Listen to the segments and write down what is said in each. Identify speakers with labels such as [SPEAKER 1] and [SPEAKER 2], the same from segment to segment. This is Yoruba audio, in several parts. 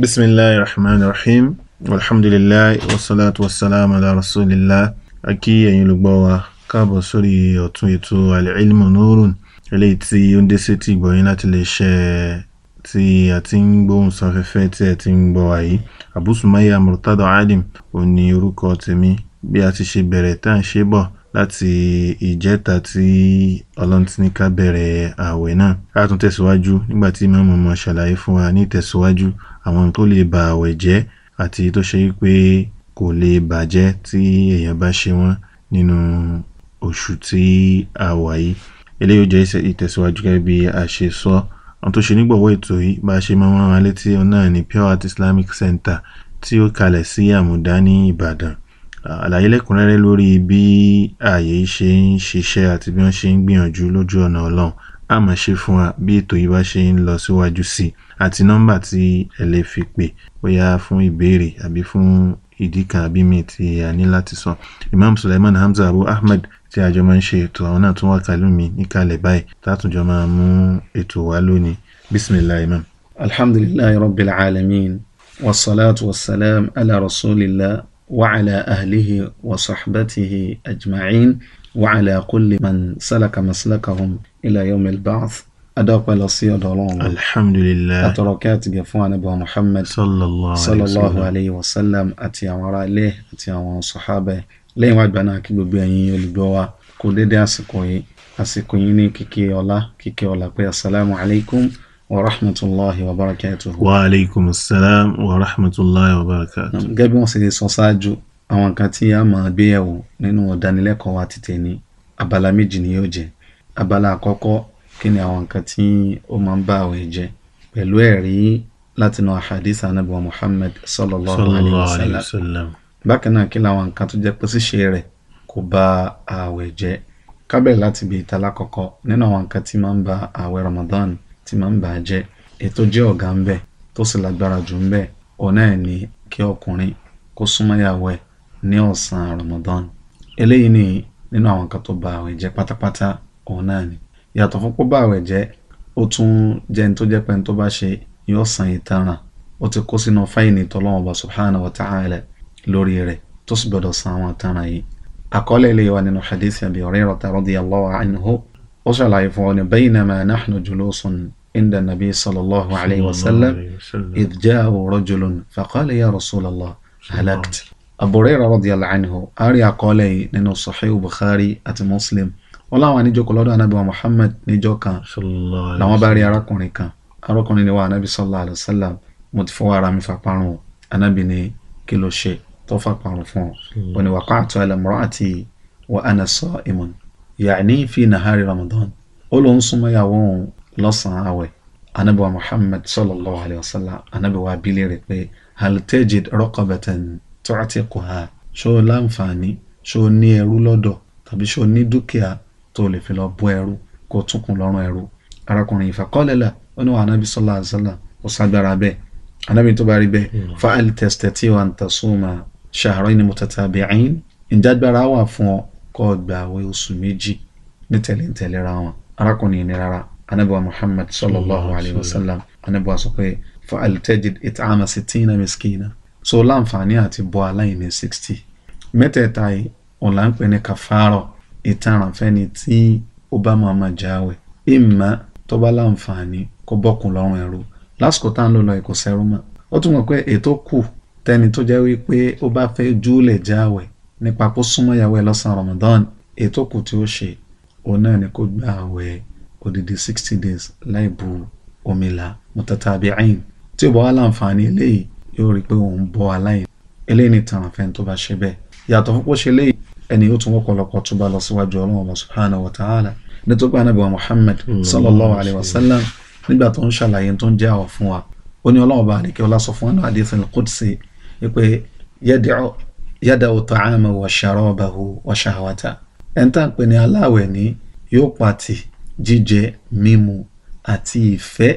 [SPEAKER 1] بسم الله الرحمن الرحيم والحمد لله والصلاة والسلام على رسول الله akí ẹ̀yin olùgbọ́ wa káàbọ̀ sórí ọ̀tún ètò Al-Ilmu Nurun eléyìí tí ó ń dé sí ti gbọ̀yìn láti lè ṣe tí a ti ń gbóhùn sáfẹ́fẹ́ tí a ti ń gbọ́ wa yìí Abu Sumayya Murtada Alim òun ni orúkọ tèmi bí a ti ṣe bẹ̀rẹ̀ tá à ń ṣe bọ̀ láti ìjẹ́ta tí ọlọ́run ti ní ká bẹ̀rẹ̀ ààwẹ̀ náà a tún tẹ̀síwájú nígbà tí màmú mọ̀ ṣàlàyé fún wa ní ìtẹ̀síwájú àwọn tó lè ba ààwẹ̀ jẹ́ àti tó ṣe pé kò lè bàjẹ́ tí èèyàn bá ṣe wọ́n nínú oṣù tí a wà yìí eléyìí ó jẹ́ ìtẹ̀síwájú gẹ́gẹ́ bí a ṣe sọ àwọn tó ṣe nígbọ̀wọ́ ètò yìí bá a ṣe máa ń létí ọ̀nà ní Pure Heart Islamic Center tí ó kalẹ̀ sí àmùdá ní Ìbàdàn àlàyé lẹ́kùnrẹ́rẹ́ lórí bí ààyè ṣe ń ṣiṣẹ́ àti bí wọ́n ṣe ń gbìyànjú lójú ọ̀nà ọlọ́run a máa ṣe fún wa bí ètò yìí bá ṣe ń lọ síwájú sí i àti nọ́mbà tí ẹ lè fi pè bóyá fún ìbéèrè àbí fún ìdí kan àbí mi tí a ní láti sọ Imam Suleiman Hamza Abu Ahmed tí àjọ máa ń ṣe ètò àwọn náà tún wà kálù mi níkàlẹ̀ báyìí tátùjọ
[SPEAKER 2] máa mú ètò wa lónìí bisimilayi imam. alhamdulilayi rabbil alamin wasalaatu wasalaam ala rasulillah وعلى أهله وصحبته أجمعين وعلى كل من سلك مسلكهم إلى يوم البعث adọ́pẹ́ lọ sí ọ̀dọ̀ ọlọ́run alhamdulilayi àtọ̀rọ̀kẹ́ àtìgẹ̀ fún anábọ̀ muhammed sallallahu alayhi wa sallam àti àwọn ará ilé àti àwọn sọ̀hábẹ́ lẹ́yìn wá gbà náà kí gbogbo ẹ̀yin olùgbọ́ wa kó dédé àsìkò yìí àsìkò yìí ní kíkẹ́ ọlá kíkẹ́ ọlá pé asalaamu alaykum ورحمة الله وبركاته وعليكم السلام ورحمة الله وبركاته gẹ́gẹ́ bí wọ́n ṣe sọ ṣáájú àwọn nǹkan tí a máa gbé yẹ̀wò nínú ìdánilẹ́kọ̀ọ́ wa ti tòní abala méjì ni yóò jẹ́ abala àkọ́kọ́ kí ni àwọn nǹkan tí ó máa ń bá àwẹ̀ jẹ́ pẹ̀lú ẹ̀rí látinú ahadith anabi wa muhammad sallallahu alayhi wa sallam bákan náà kí làwọn nǹkan tó jẹ́ pé ṣíṣe rẹ̀ kò bà àwẹ̀ jẹ́ kábẹ̀ láti ibi ìtàlákọ̀kọ́ nínú àwọn nǹkan tí máa ń bà àwẹ̀ ramadan tí máa ń bà á jẹ́ ètò jẹ́ ọ̀gá ń bẹ̀ tó sì lágbára jù ń bẹ̀ òun náà ni kí ọkùnrin kó súnmọ́yàwó ẹ̀ ní ọ̀sán Ramadan eléyìí ni nínú àwọn kan tó bà àwẹ̀ jẹ́ pátápátá òun náà ni yàtọ̀ fún pé ó bà ó tún jẹ́ ní tó jẹ́ pé ní tó bá ṣe yóò san ìtanràn ó ti kó sínú fáìní tọ́lọ́wọ́n bá subhanahu wa ta'ala lórí rẹ̀ tó sì gbọdọ̀ san àwọn ìtanràn yìí àkọọ́lẹ̀ ilé wa nínú hadith Abi Hurairah radiyallahu anhu ó ṣàlàyé fún ọ ní baynama nahnu julusun عند النبي صلى الله عليه وسلم إذ جاءه رجل فقال يا رسول الله هلكت أبو هريرة رضي الله عنه أري قولي نينو صحيح بخاري أت مسلم wọ́n láwọn àníjókòó lọ́dọ̀ anábì wa muhammed níjọ́ kan làwọn bá rí arákùnrin kan arákùnrin ni wa anábì sallallahu alayhi wa sallam mo ti fọwọ́ ara mi fa parun o anábì ni kí ló ṣe tó fa parun fún ọ ó ní waqa'tu ala imra'ati wa ana sa'imun ya'ni fi nahari ramadan ó lóun súnmọ́ ìyàwó òun lọ́sàn-án àwẹ̀ anabiwa muhammad sallallahu alayhi wa sallam anabiwa abilé rẹ̀ pé hal tajid raqabatan tu'tiquha ṣó láǹfààní ṣó ní ẹrú lọ́dọ̀ tàbí ṣó ní dúkìá tó lè fi lọ bọ́ ẹrú kó túnkùn lọ́rùn ẹrú arákùnrin ìfàkọ́lẹ́lá ó ní wà anabi sallallahu alayhi wa sallam ó ságbára bẹ́ẹ̀ anabi tó bá rí bẹ́ẹ̀ hmm. fa'al tastati'u an tasuma shahrayni mutatabi'ayn ìjágbára wà fún ọ kó gbààwẹ̀ oṣù méjì nítẹ̀léǹtẹ̀léra wọn arákùnrin ní rárá anabiwa muhammad sallallahu alayhi wa sallam anabiwa sọ pé fa alitajid it'ama sitina miskina so láǹfààní àti bọ́ aláìní sixty mẹ́tẹ̀ẹ̀ta yìí ọ̀la ń pè ní kàfàárọ̀ ìtaràn fẹ́ni tí ó bá máa ma jáwé ìmọ̀ tó bá láǹfààní kó bọ́kùn lọ́rùn ẹ̀rú lásìkò tá à ń lò lọ ìkó sẹ́rú mọ́ ó tún mọ̀ pé ètò kù tẹni tó jẹ́ wípé ó bá fẹ́ júlẹ̀ jáwé nípa kó súnmọ́ ìyàwó lọ́sàn-án Ramadan ètò kù tí ó ṣe òun náà ni kó gbà àwẹ̀ odidi sixty days láì bu omi la mutatabi'in tí ó bá wà láǹfààní eléyìí yóò rí i pé òun bọ́ aláìní eléyìí ni tàràn fẹ́ tó bá ṣe bẹ́ẹ̀ yàtọ̀ fún ṣe léyìí ẹni ó tún wọ́pọ̀lọpọ̀ tó bá lọ síwájú ọlọ́run subhanahu wa ta'ala nítorí pé anábìwá muhammad mm. sallallahu alayhi wa sallam nígbà tó ń ṣàlàyé tó ń jẹ́ àwọ̀ fún wa ó ní ọlọ́run bá àdìkẹ́ ọlá sọ fún wa náà hadith wa sharabahu wa shahwatahu ní aláwẹ̀ ni yóò pàtì jíjẹ mímu àti ìfẹ́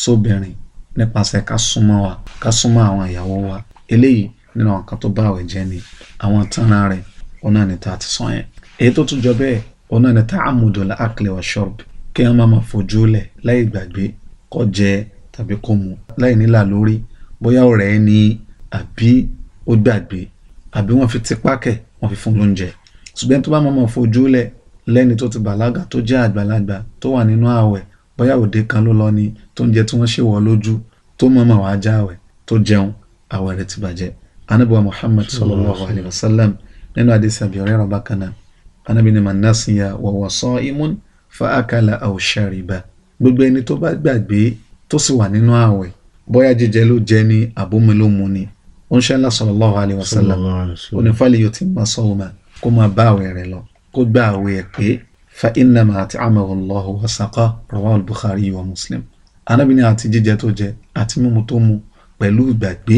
[SPEAKER 2] sóbìnrin nípasẹ̀ ká súnmọ́ wa ká súnmọ́ àwọn ìyàwó wa eléyìí nínú àwọn kan tó bá àwẹ̀ jẹ́ ni àwọn tanran rẹ̀ òun náà ni tá a ti sọ yẹn èyí tó tún jọ bẹ́ẹ̀ òun náà ni tá a mudò la akle wa shurb kí wọ́n má máa fojú lẹ̀ láì gbàgbé kó jẹ tàbí kó mu láì nílà lórí bóyá ọ̀rẹ́ ni àbí ó gbàgbé àbí wọ́n fi tipá kẹ̀ wọ́n fi fún lóúnjẹ ṣùgbọ́n tó bá máa máa fojú lẹ̀ lẹ́ni tó ti bàlágà tó jẹ́ àgbàlagbà tó wà nínú ààwẹ̀ bóyá òde kan ló lọ ni tó ń jẹ tí wọ́n ṣèwọ́ lójú tó mọ̀mọ̀ wá já ààwẹ̀ tó jẹun ààwẹ̀ rẹ̀ ti bàjẹ́ anabi wa muhammad sallallahu alayhi wa sallam nínú hadisi Abi Hurairah bákan náà anabi ni man nasiya wa huwa sa'imun fa akala aw shariba gbogbo ẹni tó bá gbàgbé tó sì wà nínú ààwẹ̀ bóyá jíjẹ ló jẹ ni àbómi ni ó ń ṣe Allah sallallahu alayhi wa sallam ó ní fali yutimma sawma kó máa bá ààwẹ̀ rẹ̀ lọ kó gba àwẹ̀ pé fa innama at'amahu Allahu wa saqa rawahu al-Bukhari wa Muslim anábì ní àti jíjẹ tó jẹ àti mímu tó mu pẹ̀lú ìgbàgbé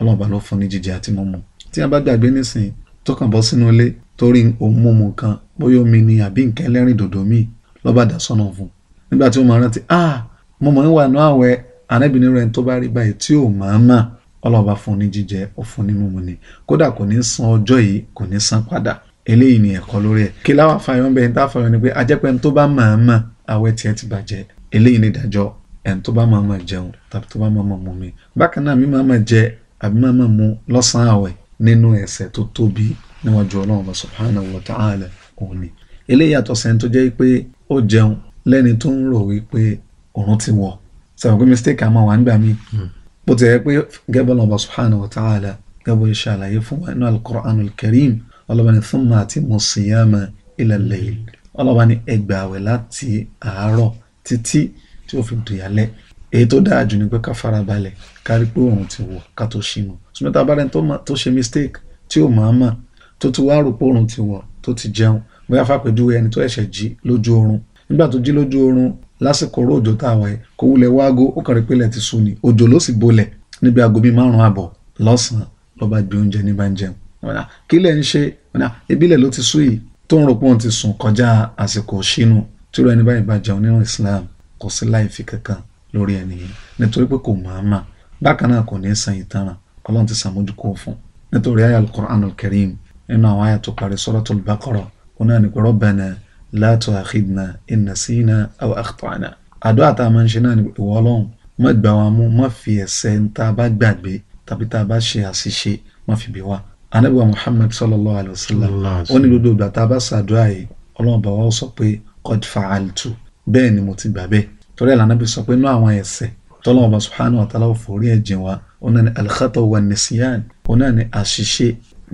[SPEAKER 2] ọlọ́run bá ló fún ní jíjẹ àti mímu tí a bá gbàgbé nísìnyí tó kàn bọ́ sínú ilé torí òun mímu kan bóyá omi ni àbí nǹkan ẹlẹ́rìn dòdò míì lọ́ba dà sọ́nà fún nígbà tí ó máa rántí ah mo mọ̀ ń wà ní àwẹ̀ anábìnrin rẹ̀ tó bá rí báyìí tí ò máa mà ọlọ́run fún ní jíjẹ ó fún ní mímu ni kódà kò ní san ọjọ́ yìí kò ní san padà eléyìí ni ẹ̀kọ́ lórí ẹ̀ kí láwa fàyọ̀ bẹ́ẹ̀ tá a fàyọ̀ ni pé ajẹ́pẹ́ ẹni tó bá màámà àwẹ̀ tiẹ̀ ti bàjẹ́ eléyìí ni ìdájọ́ ẹni tó bá màámà jẹun tàbí tó bá màámà mu mi bákan náà mi màámà jẹ àbí màámà mu lọ́sàn-án àwẹ̀ nínú ẹ̀ṣẹ̀ tó tóbi níwájú ọlọ́run subhanahu wa ta'ala òní eléyìí yàtọ̀ sẹ́ni tó jẹ́ pé ó jẹun lẹ́ni tó ń rò wípé òun ti wọ̀ sọ̀rọ̀ pé mistake ọlọ́ba ní thumma atimmu siyama ila layl ọlọ́ba ní ẹ gbààwẹ̀ láti àárọ̀ títí tí ó fi dùyàlẹ́ èyí tó dáa jù ni pé ká farabalẹ̀ ká rí pé òun ti wọ̀ ká tó ṣìnà sùmẹ́tà abárẹ́ tó ṣe mistake tí ò máa mà tó ti wá rò pé òun ti wọ̀ tó ti jẹun bóyá fàpèjúwe ẹni tó ẹ̀ṣẹ̀ jí lójú oorun nígbà tó jí lójú oorun lásìkò oró òjò tá a wáyé kó wulẹ̀ wáago ó kàn rí pé ilẹ̀ ti sú òjò ló sì bolẹ̀ níbi aago bíi márùn-ún àbọ̀ lọ́sàn-án ló gbé oúnjẹ ní bá ń jẹun ọ̀nà kílẹ̀ ń ṣe ọ̀nà ìbílẹ̀ ló ti sú yìí tó ń rò pé òun ti sùn kọjá àsìkò ṣínú tí irú ẹni báyìí bá jẹun nínú Islam kò sí láìfi kankan lórí ẹni yìí nítorí pé kò máa mà bákan náà kò ní san ìtanràn ọlọ́run ti sàmójúkó fún nítorí ayé al-Qur'an nínú àwọn ayé tó parí Suratul Baqara òun náà ní pé Rabbana la tu'akhidhna in nasina aw akhta'na àdúrà tá a máa ń ṣe náà ní ìwọ ọlọ́run má gbà wá mú má fi ẹ̀ṣẹ̀ ń tá a bá gbàgbé tàbí tá a bá ṣe àṣìṣe má fi bí wá anabi wa muhammad sallallahu alayhi wa sallam ó ní gbogbo ìgbà tá a bá ṣàdúrà yìí ọlọ́run bá wa sọ pé qad fa'altu bẹ́ẹ̀ ni mo ti gbà bẹ́ẹ̀ torí ẹ̀ lànàbí sọ pé inú àwọn ẹ̀ṣẹ̀ tọ́lọ́run bá subhanahu wa ta'ala forí ẹ̀ jìn wá ó náà ní alkhata wa nisiyan ó náà ní àṣìṣe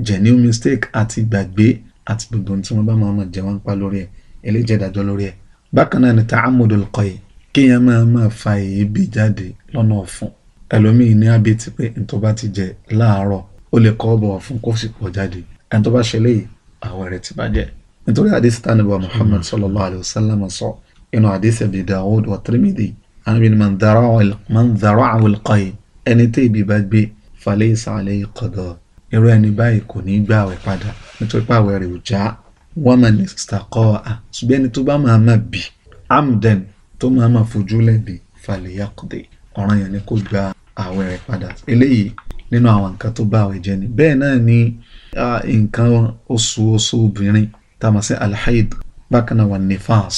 [SPEAKER 2] genuine mistake àti gbàgbé àti gbogbo tí wọ́n bá máa ma jẹun pa lórí ẹ̀ eléjẹ́ dájọ́ lórí ẹ̀ bákan náà ní ta'amudul qayi kéèyàn máa máa fa èébì jáde lọ́nà ọ̀fun ẹlòmíì ní abẹ́tí pé ntọ́ ti jẹ láàárọ̀ ó lè kọ́ bọ̀wọ̀ fún kó sì pọ̀ jáde ẹni tó bá ṣe léyìí àwẹ̀ rẹ̀ ti bàjẹ́ nítorí àdìsí tánibà Muhammad sallallahu alayhi wa sallam sọ inú àdìsí Abi Dawud wa Tirmidhi anabi ni man dhara'a al-qayy ẹni tẹ́ ibi bá gbé falaysa alayhi qada irú ẹni báyìí kò ní gbà àwẹ̀ padà nítorí pé àwẹ̀ rẹ̀ ò já wa man istaqa'a ṣùgbọ́n ẹni tó bá máa máa bì amden tó máa máa fojú lẹ́bi falyaqdi ọ̀ràn yẹn ni kó gba àwẹ̀ rẹ̀ padà eléyìí nínú àwọn nǹkan tó bá àwẹ̀ jẹ́ ni bẹ́ẹ̀ náà ni nǹkan oṣù oṣù obìnrin tá a mọ̀ sí alhaid bákan náà wà nifas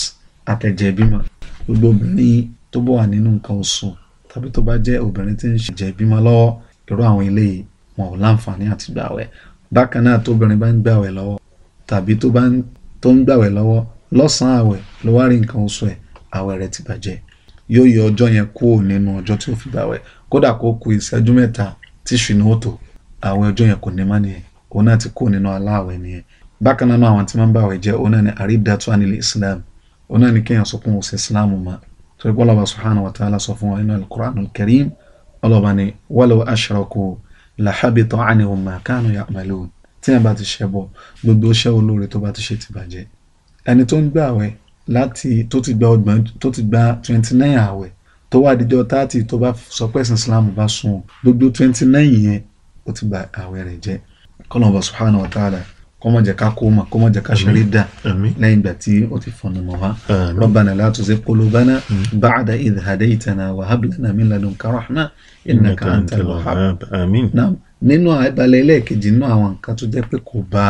[SPEAKER 2] àtẹ̀jẹ̀ bímọ gbogbo obìnrin tó bọ̀ wà nínú nǹkan oṣù tàbí tó bá jẹ́ obìnrin tí ń ṣẹ̀jẹ̀ bímọ lọ́wọ́ irú àwọn eléyìí wọn ò láǹfààní àti gbàwẹ̀ bákan náà tóbìnrin bá ń gbàwẹ̀ lọ́wọ́ tàbí tó bá ń gbàwẹ̀ lọ́wọ́ lọ́sàn-án àwẹ̀ ló wá rí nǹkan oṣù ẹ̀ àwẹ̀ rẹ̀ ti bàjẹ́ yóò yọ ọjọ́ yẹn kúrò nínú ọjọ́ tí ó fi gbàwẹ̀ kódà kó ku ìṣẹ́jú mẹ́ta tí ṣìnà ó tó àwẹ̀ ọjọ́ yẹn kò ní má nìyẹn òun náà ti kú nínú aláàwẹ̀ nìyẹn bákan náà àwọn tí máa ń bá àwẹ̀ jẹ́ òun náà ni àrídàtú ànílẹ̀ islam òun náà ni kéèyàn sọ fún òun sí islam mọ́ torí pé ọlọ́ba subhanahu wa ta'ala sọ fún wa nínú alukur'an Kareem, ọlọ́ba ni walaw ashraku lahabita anhum ma kanu ya'malun tí yẹn bá ti ṣẹ bọ gbogbo iṣẹ́ olóore tó bá ti ṣe ti bàjẹ́ ẹni tó ń gbà àwẹ̀ láti tó ti gba ọgbọ̀n twenty nine àwẹ̀ tó wà díjọ́ thirty tó bá sọ pé ẹ̀sìn islam bá sùn o gbogbo twenty nine yẹn ó ti gba àwẹ̀ rẹ̀ jẹ́ kọ́nà subhanahu wa ta'ala kọ́mọ jẹ́ ká kó ma kọ́mọ jẹ́ ká ṣeré dà lẹ́yìn ìgbà tí ó ti fọ̀nà mọ́ wa rabbana la tuzigh qulubana ba'da idh hadaytana wa hab lana min ladunka rahma innaka antal wahhab nínú ìbalẹ̀ ẹlẹ́ẹ̀kejì nínú àwọn nǹkan tó jẹ́ pé kò ba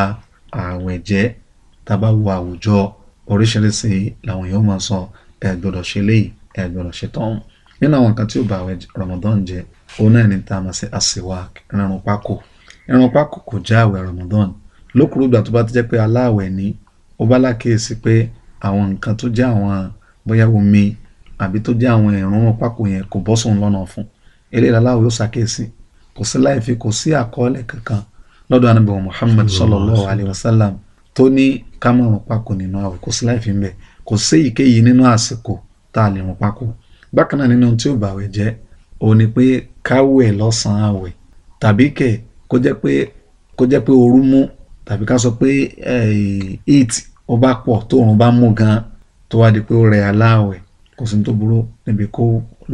[SPEAKER 2] ààwẹ̀ jẹ́ tábà wo àwùjọ oríṣiríṣi làwọn èèyàn máa sọ ẹ gbọ́dọ̀ ṣe léyìí ẹ gbọ́dọ̀ ṣe tán nínú àwọn nǹkan tí ó bá àwẹ̀ Ramadan jẹ́ òun náà ni tá a mọ̀ sí asiwak ìrànrún pákò ìrànrún kò já àwẹ̀ Ramadan lókùrú ìgbà tó bá ti jẹ́ pé aláàwẹ̀ ni ó bá lákèésí pé àwọn nǹkan tó jẹ́ àwọn bóyá omi àbí tó jẹ́ àwọn ìrànrún pákò yẹn kò bọ́ sóun lọ́nà fún eléyìí aláàwẹ̀ ó ṣàkíyèsí kò sí láìfi kò sí àkọọ́lẹ̀ kankan lọ́dọ̀ anábì Muhammad sallallahu alayhi wa sallam tó ní ká má rún pákò nínú àwẹ̀ kò sí láìfi ń bẹ̀ kò sí èyíkéyìí nínú àsìkò tá a lè rún pákò bákan náà nínú tí ó bàwẹ̀ jẹ́ òun ni pé káwẹ̀ lọ́sàn-án àwẹ̀ tàbí kẹ̀ kó jẹ́ pé kó jẹ́ pé ooru mú tàbí ká sọ pé eh, heat ó bá pọ̀ tóòrùn bá mú gan tó wá di pé ó rẹ̀ aláwẹ̀ kò sí ní tó burú níbi kó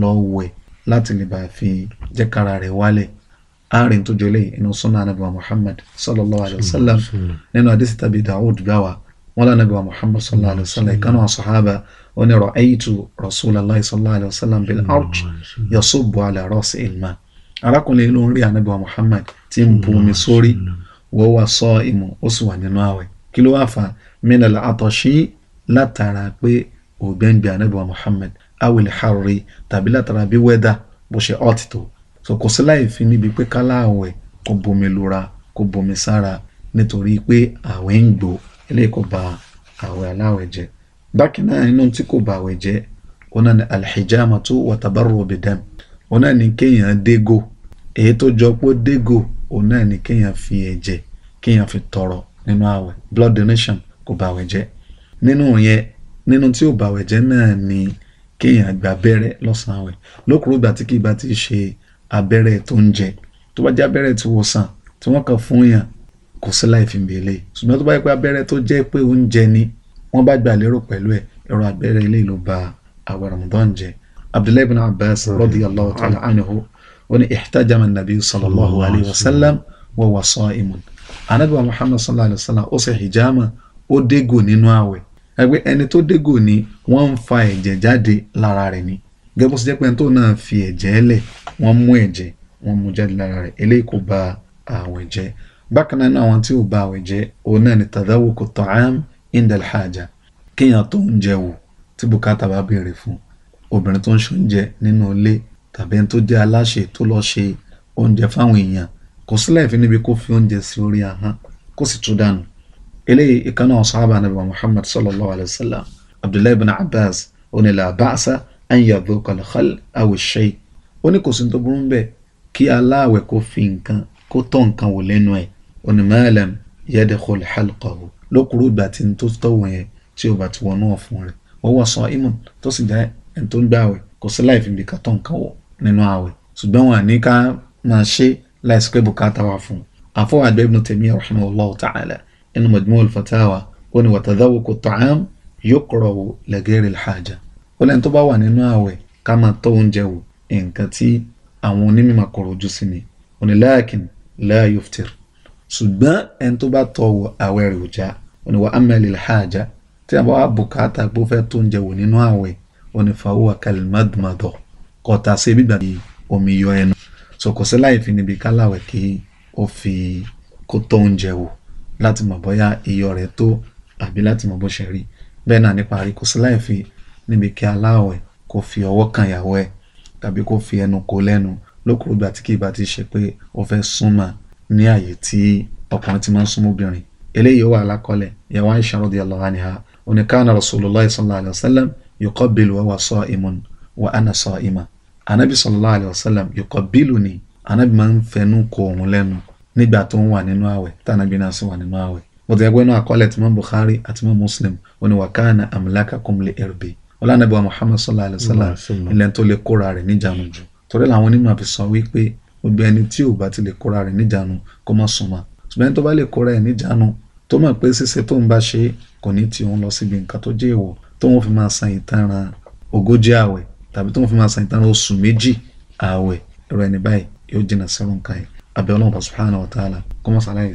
[SPEAKER 2] lọ wẹ̀ láti lè bá fi jẹ́ kára rẹ̀ wálẹ̀ àárín tó jọ inú sunnah anabi muhammad sallallahu alayhi wa sallam nínú hadith tàbí dawud gbà wá wọn lànà bí wa muhammad sallallahu alayhi wa sallam ìkànnì àwọn sàhábà ó ní ra'aytu rasulallah sallallahu alayhi wa sallam bil arj yasubbu ala rasi ilma arákùnrin ló ń rí ànábì wa muhammad tí ń bu omi sórí wọ́n wà sọ ìmọ̀ ó sì wà nínú àwẹ̀ kí ló wà fà minal atashi látara pé ògbẹ́ngbẹ ànábì wa muhammad awil harri tàbí látara bí wẹ́dà bó ṣe ọ̀tì tó so kò sí láì fi níbi pé kálá àwẹ̀ kò bomi lura kò bomi sára nítorí pé àwẹ̀ ń gbòó eléyìí kò bà àwẹ̀ aláwẹ̀ jẹ́ bákan náà inú tí kò bà àwẹ̀ jẹ́ wọn náà ni alhijamatu watabarru bidam wọn náà ni kéèyàn dégò èyí tó jọ pé dégò òun náà ni kéèyàn fi ẹ̀jẹ̀ kéèyàn fi tọrọ nínú àwẹ̀ blood donation kò bà àwẹ̀ jẹ́ nínú yẹn nínú tí ò bà àwẹ̀ jẹ́ náà ni kéèyàn gba abẹ́rẹ́ lọ́sàn-án àwẹ̀ lókùrú ìgbà tí kì í bá ti ṣe abẹ́rẹ́ tó ń jẹ tó bá jẹ́ abẹ́rẹ́ tí wọ́n sàn tí wọ́n kàn fún yàn kò sí láì fi mi eléyìí ṣùgbọ́n tó bá yẹ pé abẹ́rẹ́ tó jẹ́ pé oúnjẹ ni wọ́n bá gbà lérò pẹ̀lú ẹ̀ ẹ̀rọ abẹ́rẹ́ eléyìí ló ba àwọn Ramadan jẹ́ Abdullahi bin Abbas radiyallahu ta'ala anhu ó ní ihtajama nabi sallallahu alayhi wa sallam wa wa sa'imun anabi wa Muhammad sallallahu alayhi wa sallam ó ṣe hijama ó dégò nínú àwẹ̀ ẹgbẹ́ ẹni tó dégò ni wọ́n ń fa ẹ̀jẹ̀ jáde lára rẹ̀ ni gẹ́gẹ́ bó ṣe tó náà fi ẹ̀jẹ̀ lẹ̀ wọ́n mú ẹ̀jẹ̀ wọ́n mú jáde lára rẹ̀ eléyìí kò ba àwẹ̀ jẹ́ bákan náà àwọn tí ò bá àwẹ̀ jẹ́ òun náà ni tadawuku ta'am indal haja kéèyàn tó ń jẹ wò tí bùkátà bá béèrè fún obìnrin tó ń ṣoúnjẹ nínú ilé tàbí ẹni tó jẹ́ aláṣẹ tó lọ́ọ́ ṣe oúnjẹ fáwọn èèyàn kò sílẹ̀ fi níbi kó fi oúnjẹ sí orí ahọ́n kó sì tún dànù eléyìí ìkànnà ọ̀sáàbà nàbì muhammad sallallahu alayhi wa sallam abdullahi bin abbas onílà abasa anya dhokalkhal awishai ó ní kò sí ní tó burú bẹ́ẹ̀ kí aláàwẹ̀ kó fi nǹkan kó tọ́ nǹkan wò lẹ́nu ẹ̀ onímọ̀ọ́lẹ̀m yẹ́dẹ̀kọ́lẹ̀ xalqahu lókùrú ìgbà tí n tó tọ̀wọ̀ yẹn tí o bá ti wọnú ọ̀fun rẹ̀ wọ́n wọ̀ sọ imun tó sì jẹ́ ẹni tó ń gbà àwẹ̀ kò sí láì fi bìkà tó nǹkan wọ̀ nínú àwẹ̀ ṣùgbọ́n wọn àní ká máa ṣe láì sí pé bùkátà wà fún un. àfọwọ́ àgbẹ̀ ibn Taymiyyah rahimahullahu ta'ala inú Majmu' al ṣùgbọ́n ẹni tó bá tọ àwẹ̀ rẹ̀ òjá òní wa amẹ́lẹ̀ hàjá tí a bá wà bùkátà pé ó fẹ́ tó ń jẹ wò nínú àwẹ̀ òní fàwọ́ àkàlẹ̀ mọ́dùmọ́dọ̀ kọ̀tà sí ibi gbàgbé omi yọ ẹnu sọkọsẹ́ láì fi níbi káláwẹ̀ kí ó fi kó tó ń jẹ wò láti mọ̀ bóyá iyọ rẹ̀ tó àbí láti mọ̀ bó ṣe rí bẹ́ẹ̀ náà nípa rí kò níbi kí aláwẹ̀ kó fi ọwọ́ kan ìyàwó ẹ̀ tàbí kó fi ẹnu kó lẹ́nu lókùrúgbà tí kì í bá ti ṣe pé ó fẹ́ súnmọ́ ní àyè tí ọkùnrin ti máa ń súnmọ́ obìnrin eléyìí wà lákọọ́lẹ̀ ìyàwó Aisha radiyallahu anha ó ní kana rasulullah sallallahu alayhi wa sallam yuqabbilu wa huwa sa'imun wa ana sa'ima anabi sallallahu alayhi wa sallam yuqabbiluni anabi máa ń fẹnu kò òun lẹ́nu nígbà tó ń wà nínú àwẹ̀ tànàbí náà sì wà nínú àwẹ̀ bọ́dọ̀ ẹgbẹ́ náà àkọọ́lẹ̀ tí wọ́n Bukhari àti wọ́n Muslim ó ní wa kana amlakakum li irbi Muhammad sallallahu alayhi wa sallam ilẹ̀ tó lè kóra rẹ̀ níjànú jù torí làwọn onímọ̀ fi wípé gbogbo ẹni tí ò bá ti lè kóra rẹ̀ níjànú kó má súnmọ́ ṣùgbọ́n ẹni tó bá lè kóra ẹ̀ níjànú tó mọ̀ pé ṣíṣe tó ń bá ṣe kò ní ti òun lọ síbi nǹkan tó jẹ́ èèwọ̀ tó ń fi máa san ìtanràn ogójì ààwẹ̀ tàbí tó ń fi máa san ìtanràn oṣù méjì ààwẹ̀ ẹ̀rọ ẹni báyìí yóò jìnnà sẹ́rùn ká yìí abẹ́ ọlọ́run subhanahu wa ta'ala kó má kó má ṣàlàyé